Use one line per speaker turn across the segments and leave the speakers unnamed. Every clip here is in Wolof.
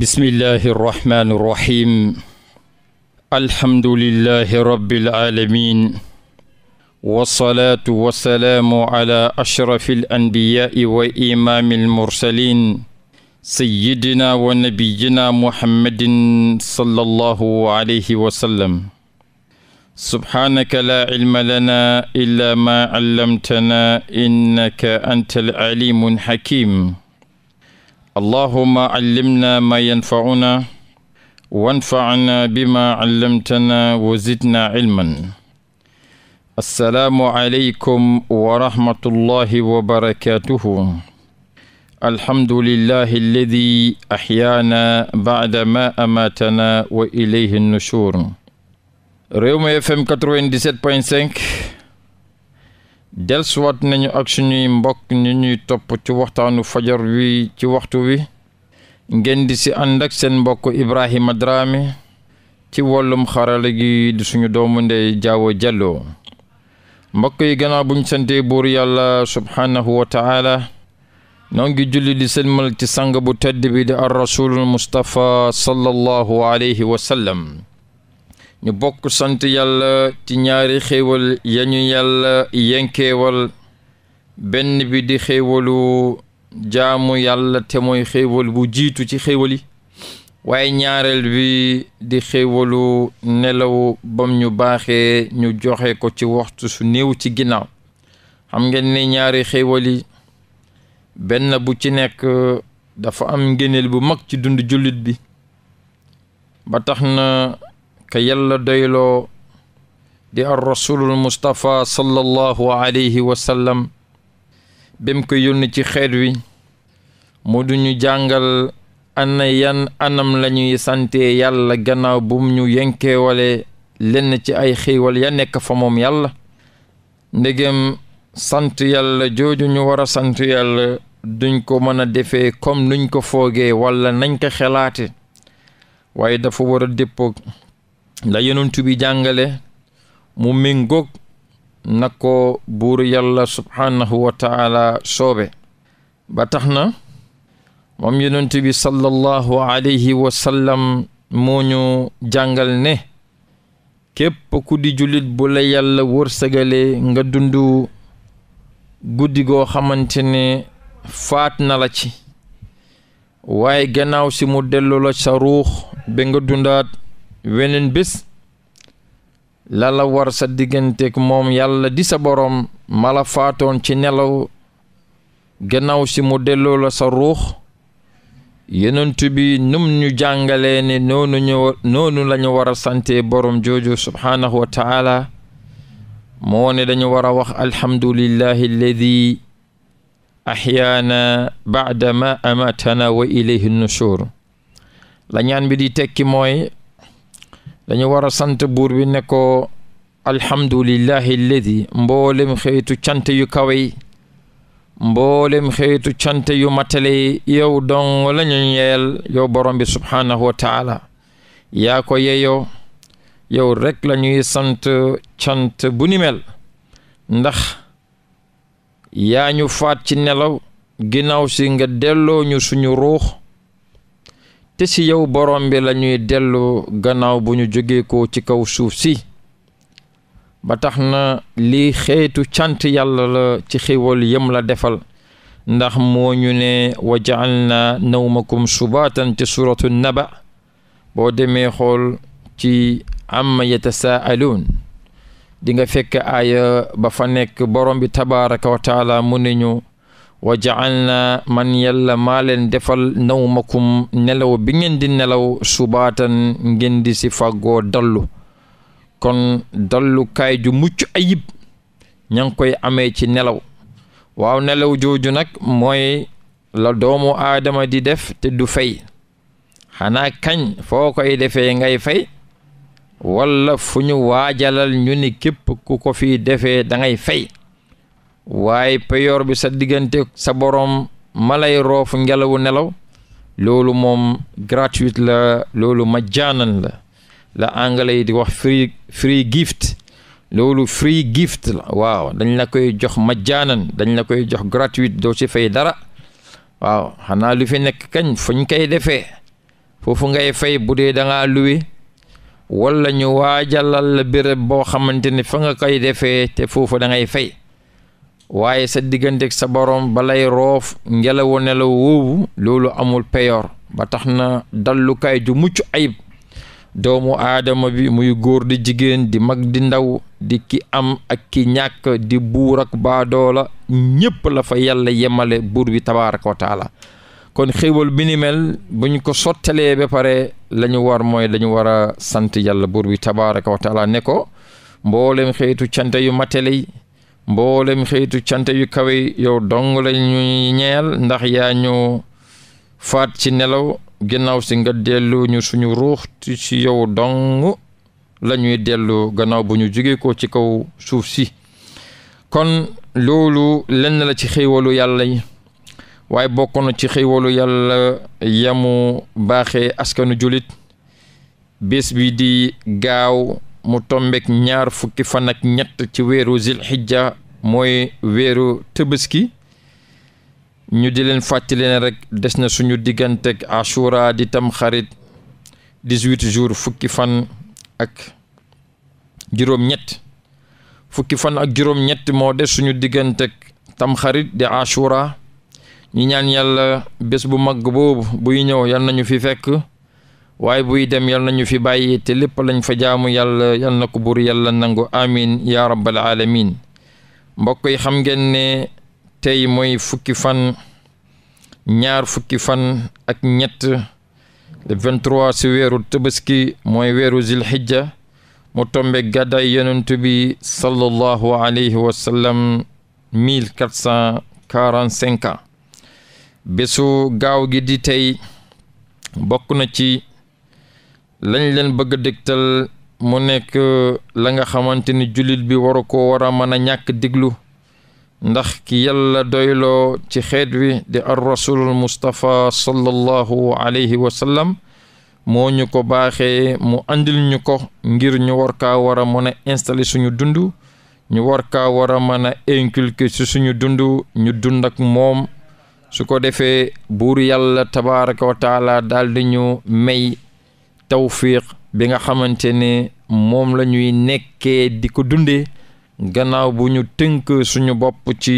bismillahi arrahmani irrahim alhamdulillahi rabbil alamin wasalaatu wasalaamu ala ashrafi alanbiyaai wa imaami almursalin sayyidina wa nabiyina muhammadin sallallahu alayhi wa sallam subhaanaka laa cilma lanaa illaa maa callamtanaa innaka anta al alimu alxakim allahuma callimna maa yanfacuna wanfacna bima callamtana wa zidna cilman assalaamu aleykum wa rahmatullahi wa barakatuhu alhamdulillahi alladi axyaana bacda ma amaatana wa ilayhi nushur Rewmi FM 97.5 delsuwaat nañu ak suñuy mbokk ñu ñuy topp ci waxtaanu fajar wi ci waxtu wi ngeen di si ànd ak seen mbokk Ibrahima Drame ci wàllum xarala gi di suñu doomu ndey Jaawo Jallo mbokk yi gannaaw buñ santee buur yàlla subhaanahu wa taala noo ngi julli di sëlmal ci sang bu tedd bi di ar rasulul mustapha sallallahu alayhi wa ñu bokk sant yàlla ci ñaari xéewal yañu ñu yàlla yenkeewal benn bi di xéewalu jaamu yàlla te mooy xéewal bu jiitu ci xéewal yi waaye ñaareel bi di xéewalu nelaw bam ñu baaxee ñu joxe ko ci waxtu su néew ci ginnaaw xam ngeen ñaari xéewal yi benn bu ci nekk dafa am ngëneel bu mag ci dund jullit bi ba tax na ka yàlla doyloo di ar rasulul mustapha sallallahu alayhi wa bem ko yónni ci xeet wi mu du ñu jàngal ana yan anam lañuy sante yàlla gannaaw bum ñu yenkeewale lenn ci ay xiiwal ya nekk fa moom yàlla ndegem sant yàlla jooju ñu war a sant yàlla duñ ko mën a defee comme nuñ ko foogee wala nañ ko xelaate waaye dafa war a la yonent bi jàngale mu méngoog na ko buur yàlla subhaanahu wa soobe ba tax na moom yonent bi sallallahu alayhi wa sallam moo ñu jàngal ne képp ku di jullit bu la yàlla wërsëgale nga dundu guddi goo xamante ne faat na la ci waaye gannaaw si mu dellu la sa ruux ba nga dundaat weneen bés lala la war sa digganteeg moom yàlla di sa boroom mala faatoon ci nelaw gannaaw si mu delloo la sa ruux yenentu bi num ñu jàngalee ne noonu lañu noonu war sante boroom jooju subhaanahu wa taala moo ne dañu war a wax alhamdulillahi alladi axyaana baada ma amatana wa ilayhi nushur la ñaan bi di tekki mooy dañu war a sant buur bi ne ko alhamdulillahi alladi mboolem xeetu cant yu kawe yi mboolem xeetu cant yu matale yow dong la ñu yow borom bi subhaanahu wa taala yaa ko yeyoo yow rekk la ñuy sant cant bu ni ndax yaa ñu faat ci nelaw ginnaaw si nga delloo ñu suñu ruux te si yow borom bi la ñuy dellu gannaaw bu ñu jógee ko ci kaw suuf si ba tax na lii xeetu cant yàlla la ci xiwol yëm la defal ndax moo ñu ne wa ja'alna kom subaatan ci suratu naba boo demee xool ci amma yatasaaluun di nga fekk aaya ba fa nekk borom bi tabaraka wa taala mu ne ñu wa jacalna man yàlla maa leen defal nawmakum nelaw bi ngeen di nelaw subaatan ngeen di si fàggoo dallu kon dallukaay ju mucc ayib ña ngi koy amee ci nelaw waaw nelaw jooju nag mooy la doomu aadama di def te du fay xanaa kañ foo koy defee ngay fay walla fu ñu waajalal ñu ni képp ku ko fi defee dangay ngay fay waaye peyoor bi sa diggante sa boroom malay roofu ngelawu nelaw loolu moom gratuite la loolu majjaanan la la anglais yi di wax free free gift loolu free gift la waaw dañ la koy jox majjaanan dañ la koy jox gratuite doo si fay dara waaw xanaa lu fi nekk kañ fuñ koy defee foofu ngay fay bu dee da ngaa luwe wala ñu waajalal la béréb boo xamante ne fa nga koy defee te foofu da ngay fay waaye sa digganteeg sa boroom balay roof ngelawu nelaw woowu loolu amul peyoor ba tax na dallukaay ju mucc ayib doomu aadama bi muy góor di jigéen di mag di ndaw di ki am ak ki ñàkk di buur ak baadoola ñépp la fa yàlla yemale buur bi tabaaraka wa kon xéwal bi ni mel buñ ko sottalee ba pare la ñu war mooy dañu war a sant yàlla buur bi tabaaraka wa ne ko mboolem xeetu cant yu matale yi mboolem xeetu cante yu kawe yow dong la ñuy ñeel ndax yaa ñu faat ci nelaw ginnaaw si nga dellu ñu suñu ruux ci yow dong lañuy ñuy dellu gannaaw bu ñu jugee ko ci kaw suuf si kon loolu lenn la ci xéewalu yàlla yi waaye bokkoon na ci xéewalu yàlla yamu baaxee askanu julit bés bi di gaaw mu tombeek ñaar fukki fan ak ñett ci weeru zilxijja mooy weeru tëbaski ñu di leen fàttali ne rek des na suñu digganteeg ashura di tamxarit xarit dix-huit jours fukki fan ak juróom-ñett fukki fan ak juróom-ñett moo des suñu digganteeg tamxarit xarit di ashura ñi ñaan yàlla bés bu mag boobu buy ñëw yal nañu fi fekk waaye buy dem yal nañu fi bàyyi te lépp lañ fa jaamu yàlla yal na ko buur yàlla nangu amin ya rabbal alamin mbokk yi xam ngeen ne tey mooy fukki fan ñaar fukki fan ak ñett le 23 si weeru tabaski mooy weeru zilhijja mu tombe gàddaay yonent bi sallallahu alayhi wa sallam 1445 gaaw gi di tey bokk na ci lañ leen bëgg a dégtal mu nekk la nga xamante ni jullit bi waru ko war a mën a ñàkk diglu ndax ki yàlla doyloo ci xeet wi di ar rasulul mustapha sallallahu alayhi wa sallam moo ñu ko baaxee mu andil ñu ko ngir ñu war kaa war a mën a installer suñu dund ñu war kaa war a mën a inculquer suñu dund ñu dund ak moom su ko defee buur yàlla tabaraka wa taala daal di ñu may tawfiq bi nga xamante ne moom lañuy ñuy di ko dundee gannaaw bu ñu tënk suñu bopp ci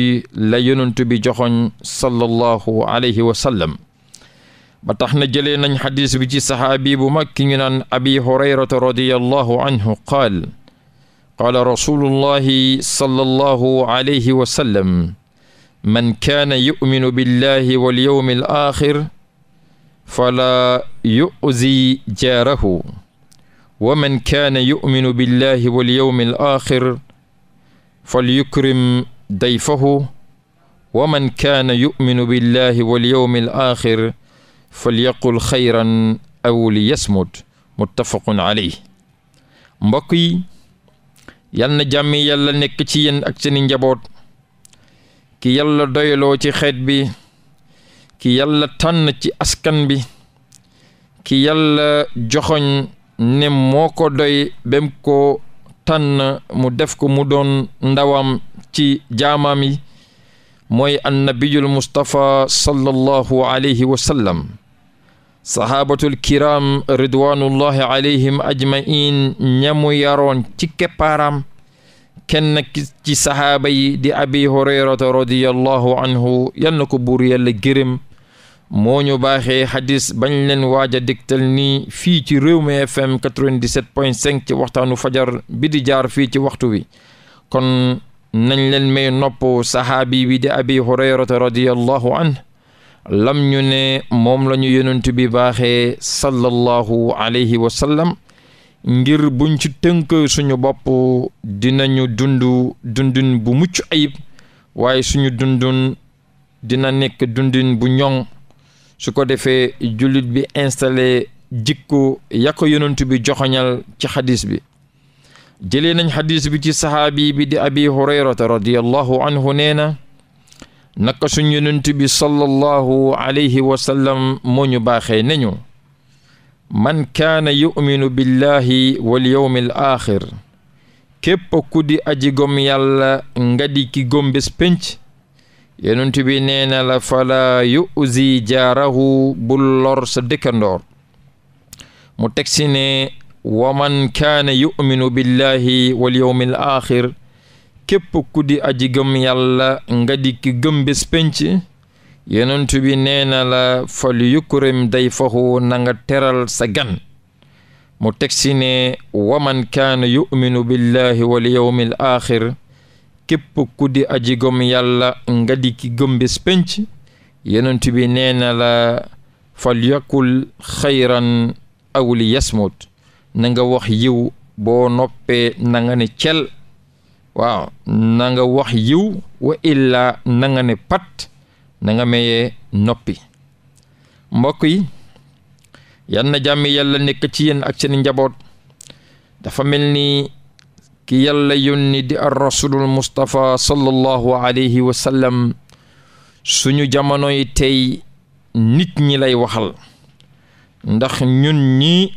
la yonent bi joxoñ sallallahu alayhi wa sallam ba tax na jëlee nañ xadis bi ci saxaabi bu mag ki ñu naan abi hurayrata radiyallahu anhu qaal qaala rasulullahi sallallahu alayhi wa sallam man kaana yuminu billahi walyawmi al axir fala yuzi jaarahu wa man kaana yuminu billahi wal yawmi al axir fal yukrim dayfahu wa man kaana yuminu billahi wal yawmi al axir fal yaqul xayran aw li yasmut muttafaqun alayh mbokk yi yal na jàmmi yàlla nekk ci yéen ak seeni njaboot ki yàlla doyloo ci xeet bi ki yàlla tànn ci askan bi ki yalla joxoñ ne moo ko doy bem ko tànn mu def ko mu doon ndawam ci jaamaam yi mooy annabiyul mustapha sallallahu alayhi wa sallam sahabatul kiram alayhim ajmain ñamu yaroon ci keppaaram kenn ci sahaaba yi di abi hurayrata radiyallahu anhu yal na ko buur yàlla gërëm moo ñu baaxee xadis bañ leen waaj a digtal nii fii ci réew Rewmi FM 97.5 ci waxtaanu fajar bi di jaar fii ci waxtu wi kon nañ leen may nopp saxaabi bi di abi hurayrata radiyallahu an lam ñu ne moom la ñu yonent bi baaxee sallallahu alayhi wa sallam ngir buñ ci tënk suñu bopp dinañu dund dundun bu mucc ayib waaye suñu dundun dina nekk dundin bu ñoŋ su ko defee jullit bi installé jikko ya ko yonent bi joxoñal ci xadis bi jëlee nañ xadis bi ci saxaabi bi di abi hurayrata radiallahu anhu nee na naka suñ yonent bi sallallahu alayhi wa ñu baaxee nañu man kaana yuminu billahi wal yawmi al axir ku di aji gom yàlla nga di ki gom bés pénc yonent bi nee na la fala yuzi jaarahu bul lor sa dëkkandoor mu teg si ne wa man kaana yuminu billahi wal yawmil axir képp kudi di aji gëm nga di ki gëm bés penc yonent bi nee na la fal yukrim day fahu na teral sa gan mu teg si ne wa man kaana yuminu billahi wal yawmil axir képp ku di aji gëm yàlla nga di ki gëm bés bi nee na la fal yakul xayran awli li nanga wax yiw boo noppee nanga ne cel waaw nanga wax yiw wa illaa na nga ne pat na nga mayee noppi mbokk yi yan na jàmm yàlla nekk ci yéen ak seen njaboot dafa mel ni ki yàlla yónni di ar rasulul mustapha sallallahu alayhi wa sallam suñu jamonoy tey nit ñi lay waxal ndax ñun ñi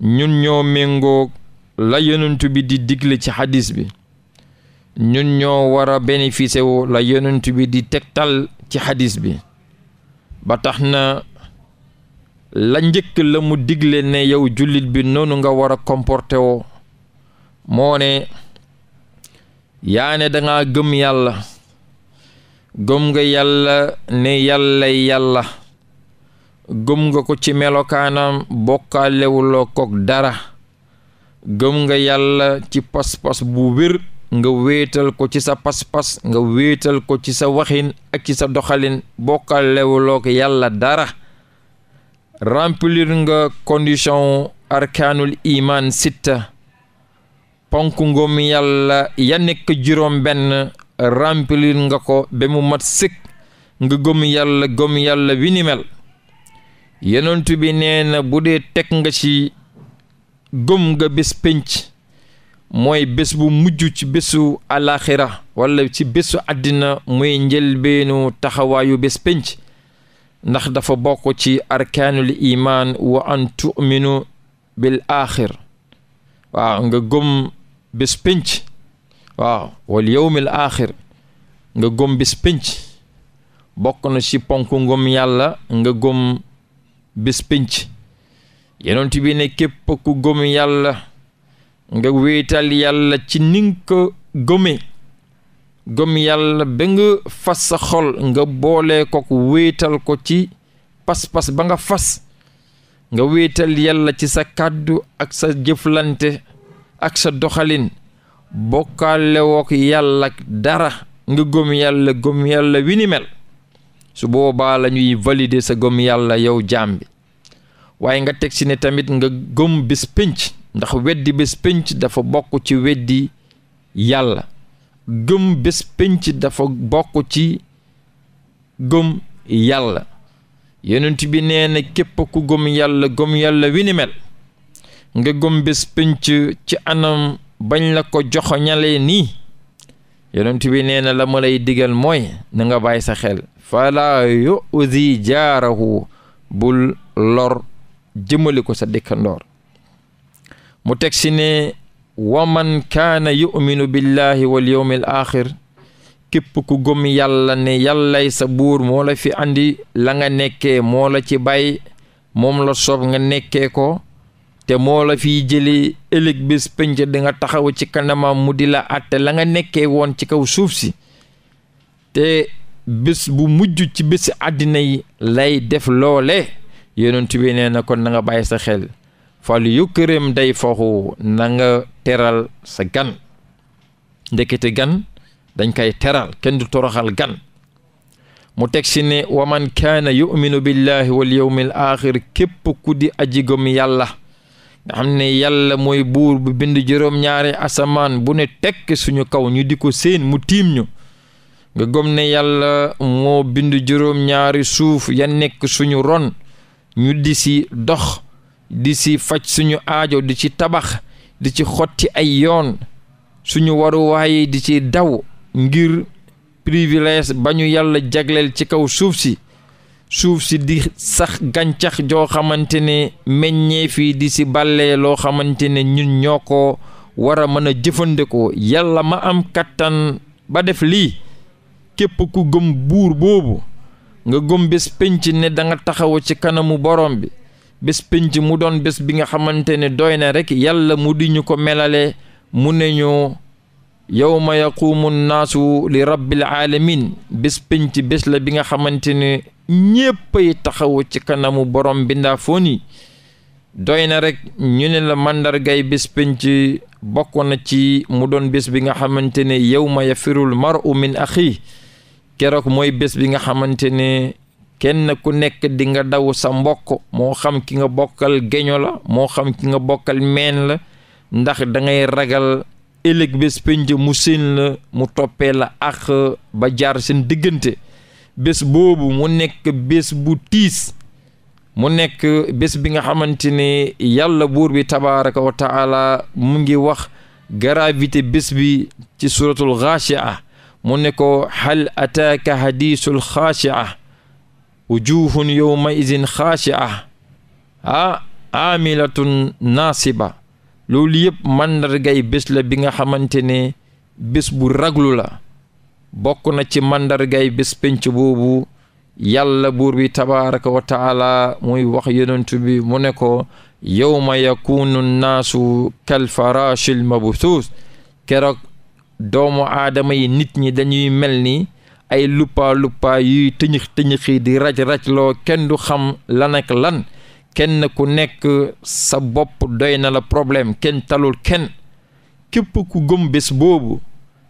ñun ñoo méngoo la yonent bi di digle ci xadis bi ñun ñoo war a bénéficier wu la yonent bi di tegtal ci xadis bi ba tax na la njëkk la mu digle ne yow jullit bi noonu nga war a comporté woo moone yaane danga gëm yàlla gëm nga yàlla ne yàlla yàlla gëm nga ko ci melokaanam bokkaalewuloo kook dara gëm nga yàlla ci pas-pas bu wër nga wéetal ko ci sa pas-pas nga wéetal ko ci sa waxin ak ci sa doxalin bokkaalewuloo ko yàlla dara remplir nga condition arkaanul iman sitta ponk ngëm yàlla ya nekk juróom benn remplir nga ko ba mu mat sëkk nga gëm yàlla gëm yàlla wi ni mel yonent bi nee bu dee teg nga ci gëm nga bés pénc mooy bés bu mujj ci bésu alaxira wala ci bésu àddina muy njëlbeenu taxawaayu bés pénc ndax dafa bokk ci arkaanul imaan wa an tu'minu bil axir waaw nga gëm bés pénc waaw wal yawmil aaxir nga gëm bés bokk na ci ponk ngëm yàlla nga gëm bés pénc yonent bi ne képp ku gëm yàlla nga wéetal yàlla ci ni nga ko gëmee gëm nga fas sa xol nga boole ko wéetal ko ci pas-pas ba nga fas nga wéetal yàlla ci sa kàddu ak sa jëflante ak sa doxalin bokkaale wook yàlla dara nga gëm yàlla gëm yàlla wi su boobaa lañuy valide sa gëm yàlla yow jaam bi waaye nga teg si ne tamit nga gëm bis pénc ndax weddi bés pénc dafa bokk ci weddi yàlla gëm bés pénc dafa bokk ci gëm yàlla yonent bi nee na képp ku gëm yàlla gëm yàlla wi nga gëm bés pénc ci anam bañ la ko joxoñalee nii yonent bi nee na la ma lay digal mooy na nga bàyyi sa xel fala yuzi jaarahu bul lor jëmale ko sa dikkandoor mu teg si ne wa kaana yuminu billahi wal yawmil axir képp ku gëm yàlla ne yàllay sa buur moo fi andi la nga nekke moo ci bàyyi moom la sob nga nekkee ko te moo la fiy jëlee ëllëg bis penc danga nga taxaw ci kanamam mu di la àtte la nga nekkee woon ci kaw suuf si te bés bu mujj ci bési àddina yi lay def loole yonent bi nee na kon na nga bàyyi sa xel fal yu këram day foxu nanga teral sa gan ndekete gan dañ koy teral kenn du toroxal gan mu teg si ne waman kaana yuminu billahi wal yawmil axir képp ku di aji gëm yàlla nga xam ne yàlla mooy buur bu bind juróom-ñaari asamaan bu ne tekk suñu kaw ñu di ko séen mu tiim ñu nga gëm ne yàlla moo bind juróom-ñaari suuf ya nekk suñu ron ñu di ci dox di ci faj suñu aajo di ci tabax di ci xotti ay yoon suñu waruwaay di ci daw ngir privilège ba ñu yàlla jagleel ci kaw suuf si suuf si di sax gàncax joo xamante ne meññeef yi di si bàllee loo xamante ne ñun ñoo ko war a mën a jëfandikoo yàlla ma am kattan ba def lii képp ku gëm buur boobu nga gëm bés pénc ne danga nga taxaw ci kanamu borom bi bés pénc mu doon bés bi nga xamante ne doy na rekk yàlla mu di ñu ko melale mu ne ñu yowma yaquumu nnaasu li rabbil aalamin bés pénc bés la bi nga xamante ne ñéppay taxawu ci kanamu borom bi ndaa doy na rek ñu ne la màndargay bés pénc bokk na ci mu doon bés bi nga xamante ne yowma yafirul mar'u min axi keroog mooy bés bi nga xamante ne kenn ku nekk dinga nga daw sa mbokk moo xam ki nga bokkal géño moo xam ki nga bokkal meen la ndax da ragal ëllëg bés penj mu seen la mu toppee la ak ba jaar seen diggante bés boobu mu nekk bés bu tiis mu nekk bés bi nga xamante ne yàlla buur bi tabaraka wa mu ngi wax gravité bés bi ci suratul xaachia mu ne ko hal ataaka hadisul xaachia wujuhun yowma idin xaachia ah amilatun naasiba loolu yëpp mandargay bés la bi nga xamante ne bés bu raglu la bokk na ci màndargay bés penc boobu yàlla buur wi tabaraka wa muy wax yonentu bi mu ne ko yowma yakunu nnaasu kal bu mabthus keroog doomu aadama yi nit ñi dañuy mel ni ay luppaa luppaa yuy tëñëx tëñëxi di raj raj loo kenn du xam lan ak lan kenn ku nekk sa bopp doy na la problème kenn talul kenn képp ku gëm bés boobu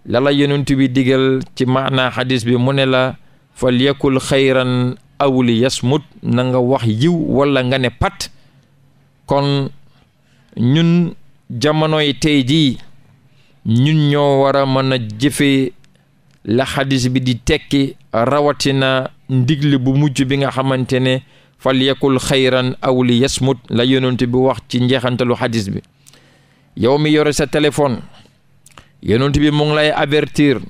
lala yonent bi digal ci maanaa xadis bi mu ne la fa yakul xayran awli yasmut na nga wax yiw wala nga ne pat kon ñun jamonoy tey jii ñun ñoo war a mën a jëfe la xadis bi di tekki na ndigli bu mujj bi nga xamante ne fal yakul xayran aw yasmut la yonent bi wax ci njeexantalu xadis bi yow mi yore sa téléphone yonent bi mu lay avertir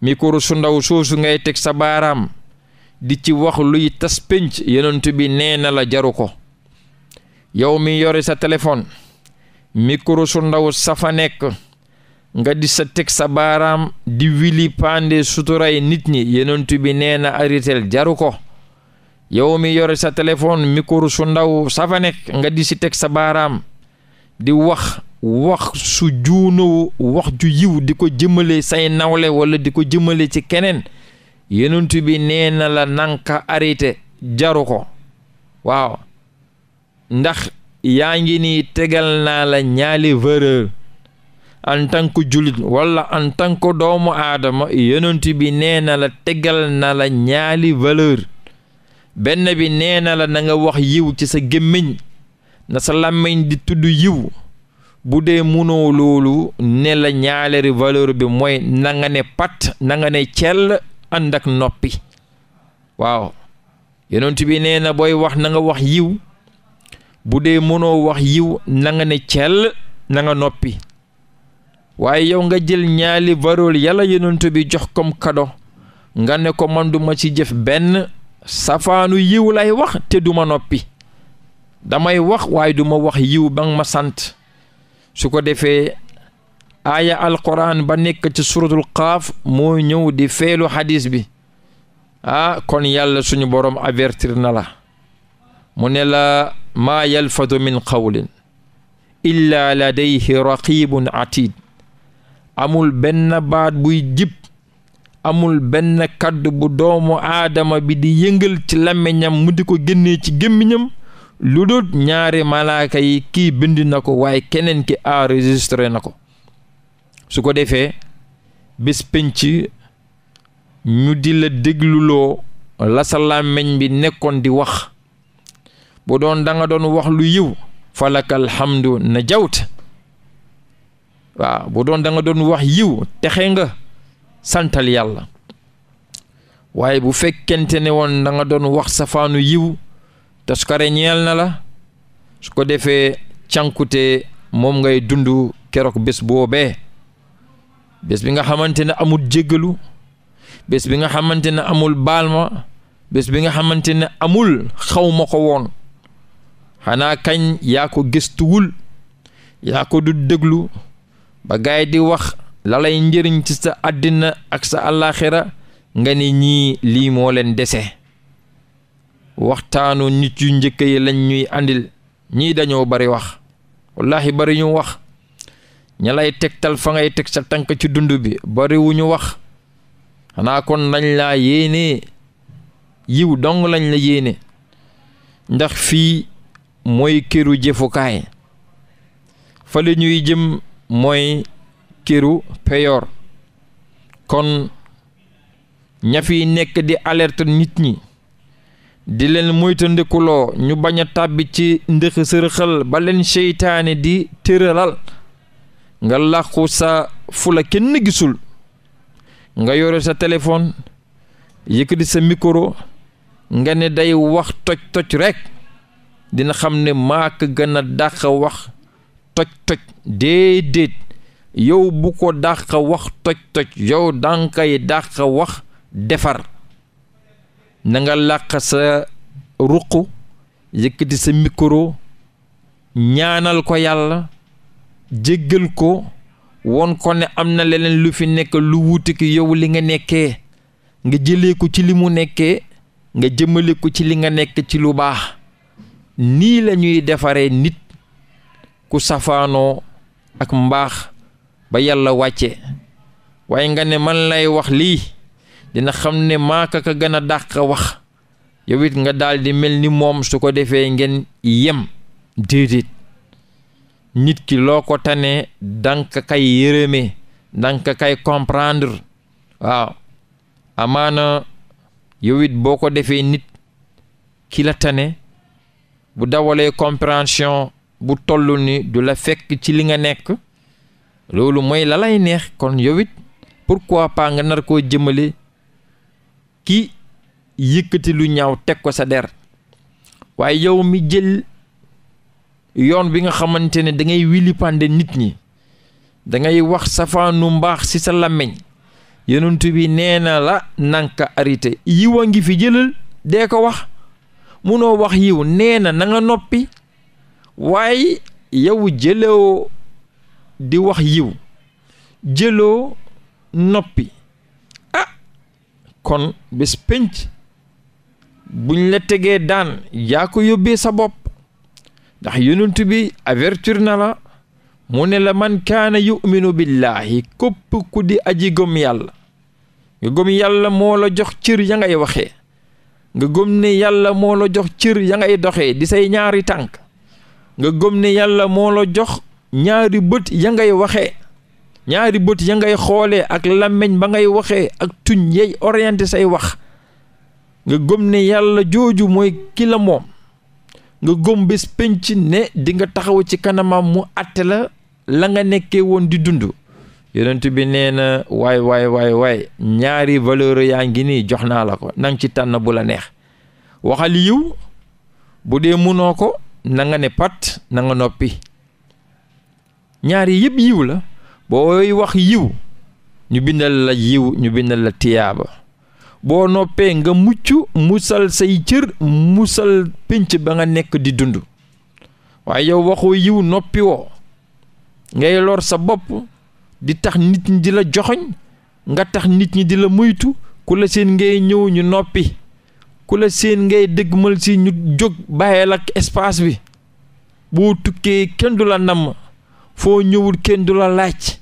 micro su ndaw soosu ngay teg sa baaraam di ci wax luy tas pénc yonent bi nee na la jaru ko yow mi yore sa mi micro su ndaw sa nekk nga di sa teg sa baaraam di wili pande suturay nit ñi yonent bi nee na aritel jaru ko yow mi yore sa téléphone micro su ndaw safa nga di si teg sa baaraam di wax waxsu su juunawu wax ju yiw di ko jëmale say nawle wala di ko jëmale ci keneen yenentu bi nee na la nanka arrêté jaru ko waaw ndax yaa ngi nii tegal naa la ñaali valeur en tant que jullit wala doomu aadama yenentu bi nee na la tegal na la ñaali valeur benn bi nee na la nanga wax yiw ci sa gémmiñ na sa làmmiñ di tudd yiw bu dee munoo loolu nela la ñaaleeri valeur bi mooy nanga ne pat nanga ne cell ànd ak noppi waaw yonent bi nee na booy wax nanga wax yiw bu dee munoo wax yiw nanga ne cell nanga noppi waaye yow nga jël ñaali valeur yàlla yonent bi jox comme cadeau nga ne ko man duma ci jëf benn safaanu yiw lay wax te du ma noppi damay wax waay duma wax yiw ba ma sant su ko defee aaya alxuraan ba nekk ci suratul qaaf moo ñëw di feelu xadis bi ah kon yàlla suñu boroom avertir na la mu ne la maa yalfadu min qawlin illa ladayhi raqibun atid amul benn baat buy jib amul benn kàddu bu doomu aadama bi di yëngal ci làmmiñam mu di ko génnee ci gémmiñam lu dul ñaari malaaka yi kii bindi na ko waaye keneen ki enregistré na ko su ko defee bés ñu di la dégluloo la sa làmmiñ bi nekkoon di wax bu doon danga doon wax lu yiw falaka alhamdu na jawt waaw bu doon danga doon wax yiw texe nga santal yàlla waaye bu fekkente ne woon da doon wax safaanu yiw te su ñeel na la su ko defee cànkute moom ngay dundu keroog bés boobee bés bi nga xamante ne amul jéggalu bés bi nga xamante ne amul baal ma bés bi nga xamante ne amul xawma ko woon xanaa kañ yaa ko gëstuwul yaa ko du déglu ba gaay wax lalay lay njëriñ ci sa àddina ak sa àllaaxira nga ni ñii lii moo leen dese waxtaanu nit yu njëkk yi lañ ñuy àndil ñii dañoo bari wax wallaahi bari ñu wax ña lay tegtal fa ngay teg sa tànk ci dund bi bari wu ñu wax xanaa kon lañ laa yéene yiw dong lañ la yéene ndax fii mooy këru jëfukaay fa li jëm mooy këru peyor kon ña fi nekk di alert nit ñi di leen moytandikuloo ñu bañ a tàbbi ci ndëx sërëxal ba leen seytaane di tëralal nga làqu sa fula kenn gisul nga yore sa téléphone di sa micro nga ne day wax toj toj rekk dina xam ne maak gën a dàq wax toj toj déedéet yow bu ko dàq wax toj toj yow dànkay dàq wax defar nanga nga làq sa ruq yëkkati sa mikro ñaanal ko yàlla jéggal ko won ko ne am na leneen lu fi nekk lu wuute ki yow li nga nekkee nga jëlee ko ci li mu nekkee nga jëmale ko ci li nga nekk ci lu baax nii lañuy defaree nit ku safaanoo ak mbaax ba yàlla wàcce waaye nga ne man lay wax lii dina xam ne maaka ka gën a dàq wax yow nga daldi mel ni moom su ko defee ngeen yem déedéet nit ki loo ko tanee danga kay yërëme dànk kay comprendre waaw amaana yow boo ko defee nit ki la bu dawalee compréhension bu toll ni du la fekk ci li nga nekk loolu mooy la neex kon yowit pour pourquoi pas nga nar koo jëmale ki yëkkati lu ñaaw teg ko sa der waaye yow mi jël yoon wi nga xamante ne dangay ngay wili nit ñi dangay wax safaanu mbaax ci sa làmmiñ yonent bi nee na la nanka arité yiw a ngi fi jëlal dee ko wax munoo wax yiw nee na na noppi waaye yow jëlewoo di wax yiw jëloo noppi ah kon bés pénc buñ la tegee daan yaa ko yóbbee sa bopp ndax yonent bi avertir na la mu ne la man kaana yuminu billahi képp ku di aji gëm yàlla nga gëm yàlla moo la jox cër ya ngay waxee nga gëm ne yàlla moo la jox cër ya ngay doxe di say ñaari tànk nga gëm ne yàlla moo la jox ñaari bët ya ngay waxee ñaari bët ya ngay xoole ak làmmiñ ba ngay waxe ak tuñ yay orienté say wax nga gëm ne yàlla jooju mooy ki moom nga gëm bés penc ne dinga nga taxaw ci kanamam mu àtte la la nga nekkee woon di dund yonent bi nee na waay waay waay waay ñaari valeur yaa ngi nii jox naa la ko nang ci tànn bu la neex waxal yiw bu dee munoo ko na nga ne pat na nga noppi ñaar yi yiw la booy wax yiw ñu bindal la yiw ñu bindal la tiyaaba boo noppee nga mucc musal say cër musal pénc ba nga nekk di dund waaye yow waxoo yiw noppi woo ngay lor sa bopp di tax nit ñi di la joxoñ nga tax nit ñi di la muytu ku la seen ngay ñëw ñu noppi ku la seen ngay dëgg mal si ñu jóg bàyyil ak espace bi boo tukkee kenn du la namm foo ñëwul kenn du la laaj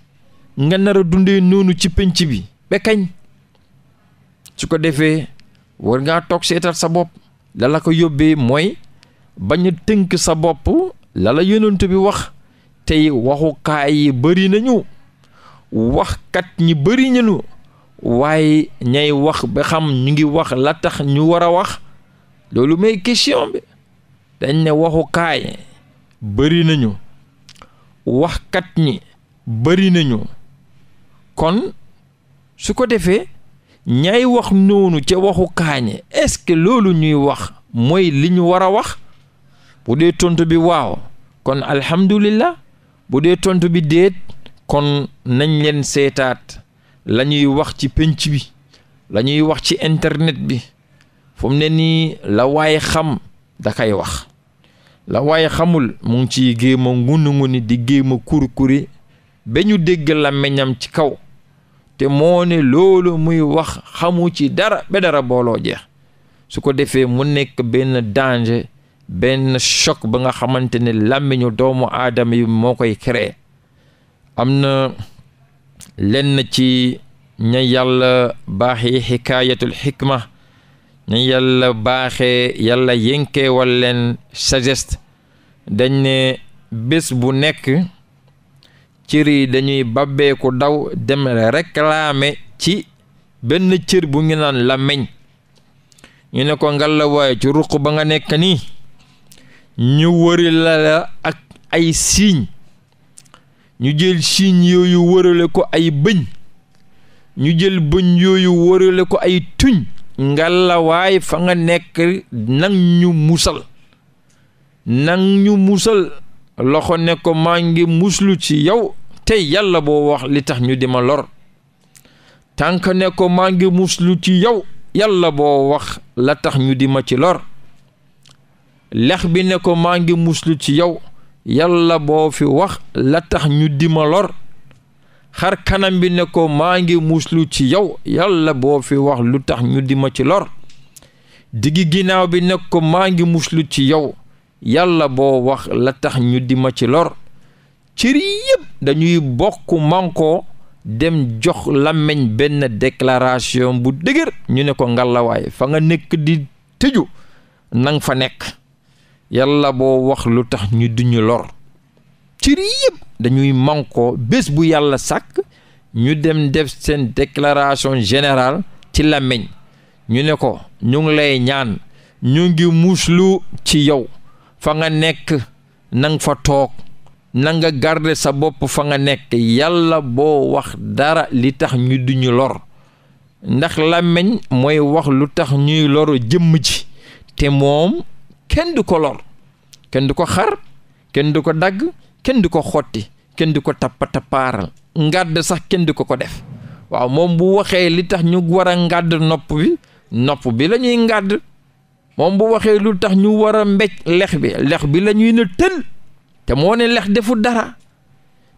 nga nara a dundee noonu ci pénc bi ba su ko defee war ngaa toog seetal sa bopp la ko yóbbee mooy bañ tënk sa bopp lala la bi wax tey waxukaay yi bëri nañu waxkat ñi bari nañu waaye ñay wax ba xam ñu ngi wax la tax ñu war a wax loolu may question bi dañ ne waxukaay bari nañu waxkat ñi bari nañu kon su ko defee ñay wax noonu ca waxu kaañe est-ce que loolu ñuy wax mooy li ñu war a wax bu dee tontu bi waaw kon alhamdulillah bu dee tontu bi déet kon nañ leen seetaat la ñuy wax ci penc bi la ñuy wax ci internet bi fu ne nii la waaye xam da kay wax la waaye xamul mu ci ciy géema ngunu nguni di géema kuri kuri ba ñu dégg làmmiñam ci kaw te moone loolu muy wax xamu ci dara ba dara booloo su ko defee mu nekk benn danger benn choc ba nga xamante ne làmmiñu doomu aadama yi moo koy créer am na lenn ci ña yàlla baaxee xikaayatul xikma ni yàlla baaxe yàlla yënkewal leen sagest dañ ne bés bu nekk cër yi dañuy babbeeku daw dem réclamer ci benn cër bu ngi naan làmmiñ ñu ne ko ngallawaaye ci ruq ba nga nekk ni ñu wëri ak ay siiñ ñu jël siiñ yooyu wërale ko ay bëñ ñu jël bëñ yooyu wërale ko ay tuñ ngalawaay fa nga nekk nang ñu musal nang ñu musal loxo ne ko maa ngi muslu ci yow te yàlla boo wax li tax ñu di ma lor tànk ne ko maa ngi muslu ci yow yàlla boo wax la tax ñu di ma ci lor lex bi ne ko maa ngi muslu ci yow yàlla boo fi wax la tax ñu di ma lor xar kanam bi ne ko maa ngi muslu ci yow yàlla boo fi wax lu tax ñu di ma ci lor diggi ginnaaw bi ne ko maa ngi muuslu ci yow yàlla boo wax la tax ñu di ma ci lor cër yëpp dañuy bokk mànkoo dem jox làmmiñ benn deklaraasiyon bu dëgër ñu ne ko ngàllawaay fa nga nekk di tëju nang fa nekk yàlla boo wax lu tax ñu duñu lor cër yëpp dañuy mànkoo bés bu yàlla sàkk ñu dem def seen déclaration générale ci làmmiñ ñu ne ko ñu ngi lay ñaan ñu ngi lu ci yow fa nga nekk nang fa toog na nga sa bopp fa nga nekk yàlla boo wax dara li tax ñu duñu lor ndax làmmiñ mooy wax lu tax ñuy loru jëmm ji te moom kenn du ko lor kenn du ko xar kenn du ko dagg kenn du ko xotti kenn du ko tappa tappaaral ngàdd sax kenn di ko ko def waaw moom bu waxee li tax ñu war a ngàdd nopp wi nopp bi lañuy ngàdd moom bu waxee lu tax ñu war a mbéj lex bi lex bi lañuy ñuy ne te moo ne lex deful dara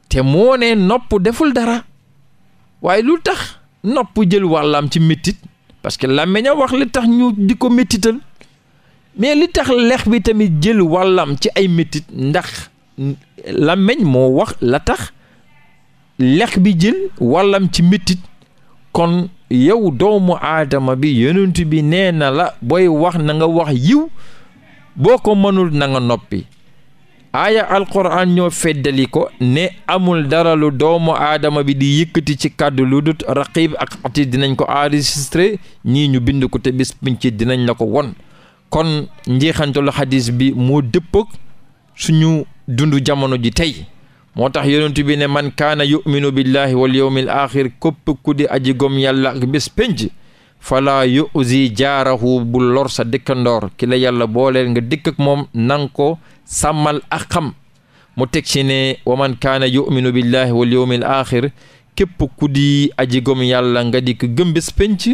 te moo ne nopp deful dara waaye lu tax nopp jël wàllam ci méttit parce que làmmiñ wax li tax ñu di ko méttital mais li tax lex bi tamit jël wàllam ci ay méttit ndax làmmeñ moo wax la tax lex bi jël wàllam ci mettit kon yow doomu aadama bi yonent bi nee na la booy wax na wax yiw boo ko mënul na nga noppi aaya alquran ñoo feddali ko ne amul dara lu doomu aadama bi di yëkkati ci kàddu lu dut raqib ak ati dinañ ko enregistré ñii ñu bind ko te bis pinc dinañ la ko won kon njeexantalu xadis bi moo dëppog suñu dund jamono ji tey moo tax yonent bi ne man kaana yuminu billahi wal yawmil axir képp ku di aji gom yàlla ak bés pénc fala yuzi jaarahu bu lor sa dëkkandoor ki yàlla booleel nga dëkk ak moom nang ko sàmmal ak mu teg ci ne wa man kaana yuminu billahi wal yawmil axir képp ku di aji gom yàlla nga di ko gëm bés pénc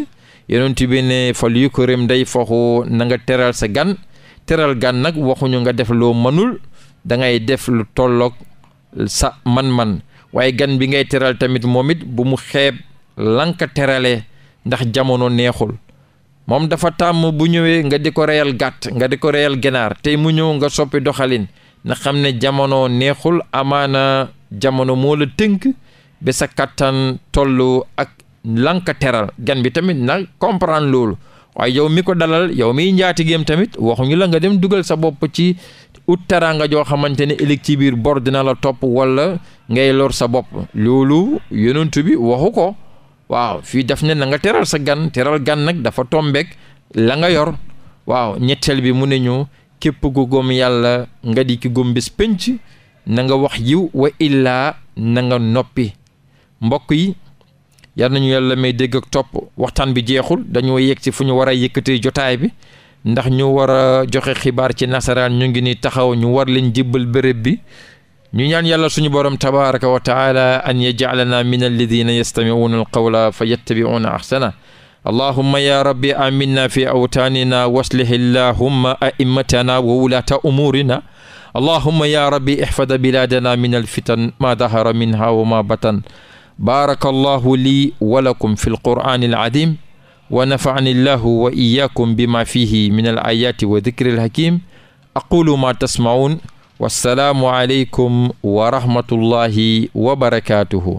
bi ne fal yukrim day faxu na nga teral sa gan teral gan nag waxuñu nga def loo mënul da ngay def lu tolloog sa man-man waaye gan bi ngay teral tamit moom it bu mu xeeb lanka terale ndax jamono neexul moom dafa tàmm bu ñëwee nga di ko reyal gàtt nga di ko reyal ginaar tey mu ñëw nga soppi doxalin na xam ne jamono neexul amaana jamono moo la tënk ba sa kattan toll ak lanka teral gan bi tamit na comprendre loolu waaye yow mi ko dalal yow miy njaati géem tamit waxuñu la nga dem dugal sa bopp ci ut teraanga joo xamante ne ëllëg ci biir bor dina la topp walla ngay lor sa bopp loolu yonent bi waxu ko waaw fii daf ne na nga teral sa gan teral gan nag dafa tombeek la nga yor waaw ñetteel bi mu ne ñu képp ko gom yàlla nga di ki gom bis pénc na nga wax yiw wa illaa nanga noppi mbokk yi yar nañu yàlla may dégg topp waxtaan bi jeexul dañoo yegg ci fu ñu war a yëkkatee jotaay bi ndax ñu war a joxe xibaar ci nasaraan ñu ngi ni taxaw ñu war leen jibbal béréb bi ñu ñaan yàlla suñu borom tabaraka wa taala an yajalana min alladina yastamiuuna alqawla fa yattabiuuna ahsana allahumma ya rabbi aminna fi awtaanina waslih allahumma a'immatana wa wulata umuurina allahumma ya rabbi ihfad bilaadana min alfitan ma dahara minha wa ma batan baaraka allahu lii wa lakum fi alqur'ani alazim wa nafaani llahu wa iyaakum bima fihi min al ayaati wa dikri alhakim aqulu ma tasmaun wassalaamu aleykum wa rahmatullahi wa barakatuhu